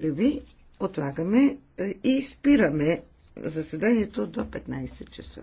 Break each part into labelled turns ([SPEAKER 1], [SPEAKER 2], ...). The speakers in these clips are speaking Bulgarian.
[SPEAKER 1] ви. Отлагаме е, и спираме заседанието до 15 часа.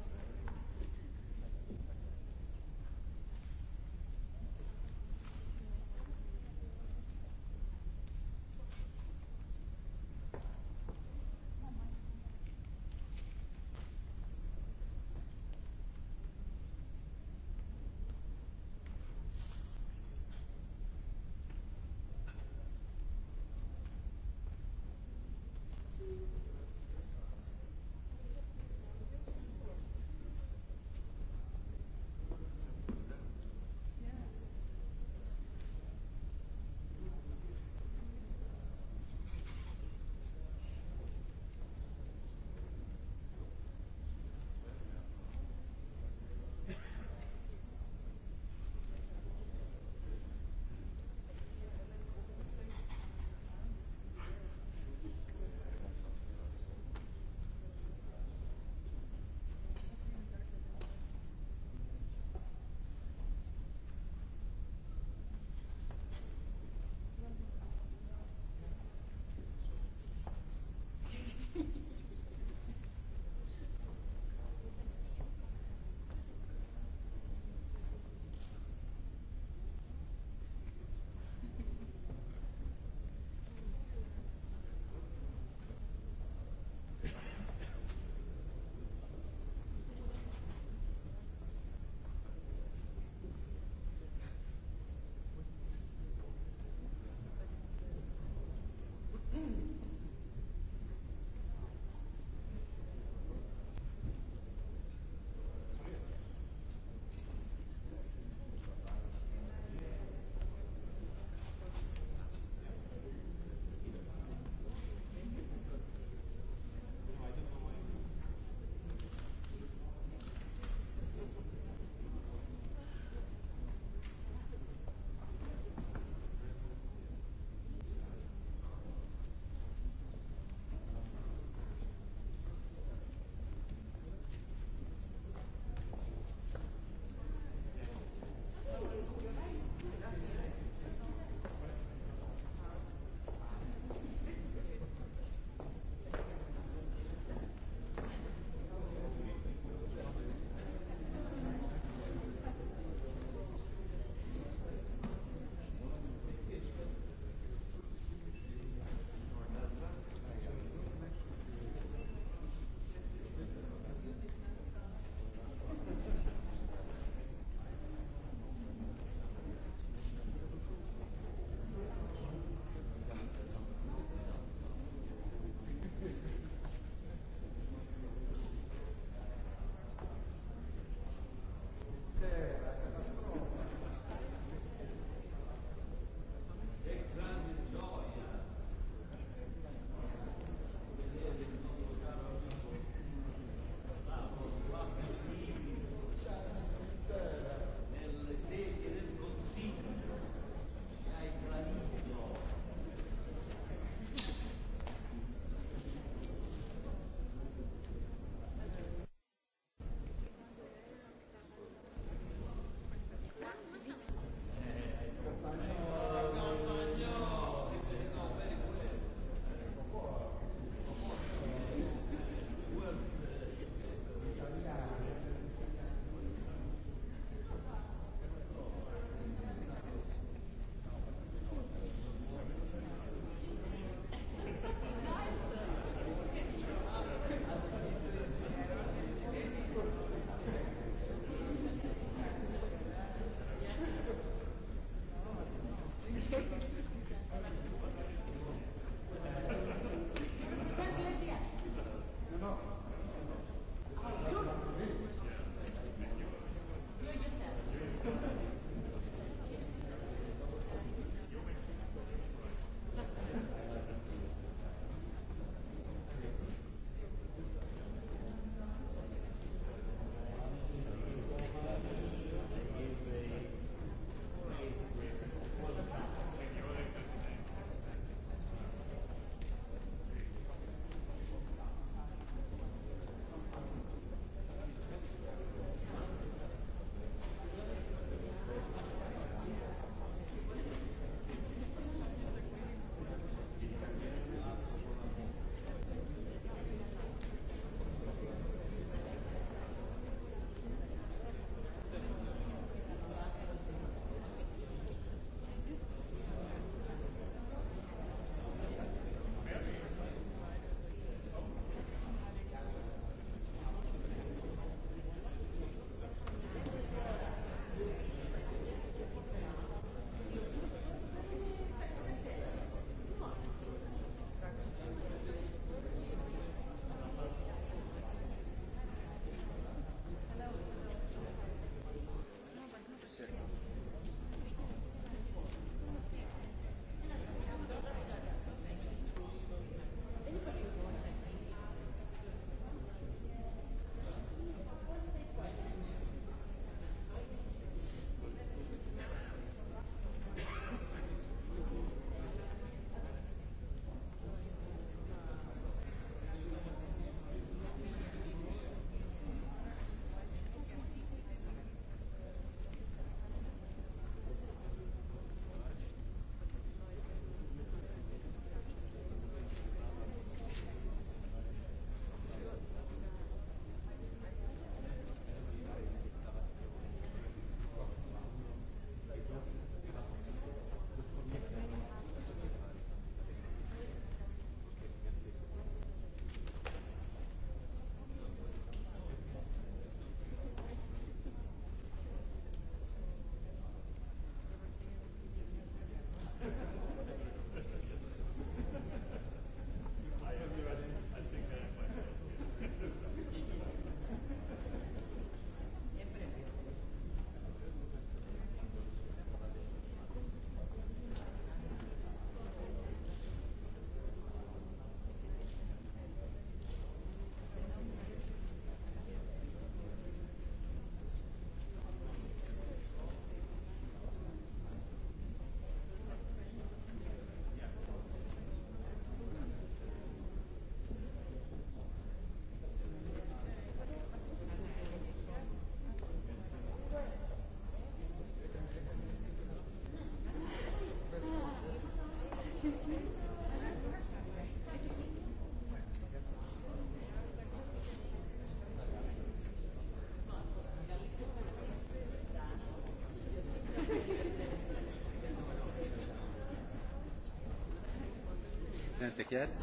[SPEAKER 1] presidente Chiari. No,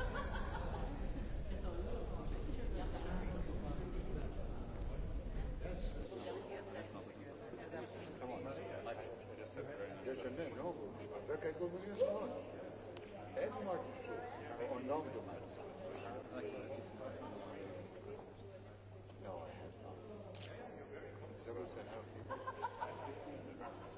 [SPEAKER 1] I have not. Is that what I said?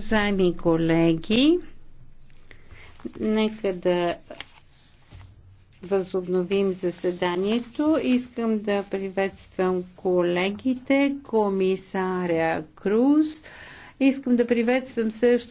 [SPEAKER 1] Уважаеми колеги, нека да възобновим заседанието. Искам да приветствам колегите, комисаря Круз. Искам да приветствам също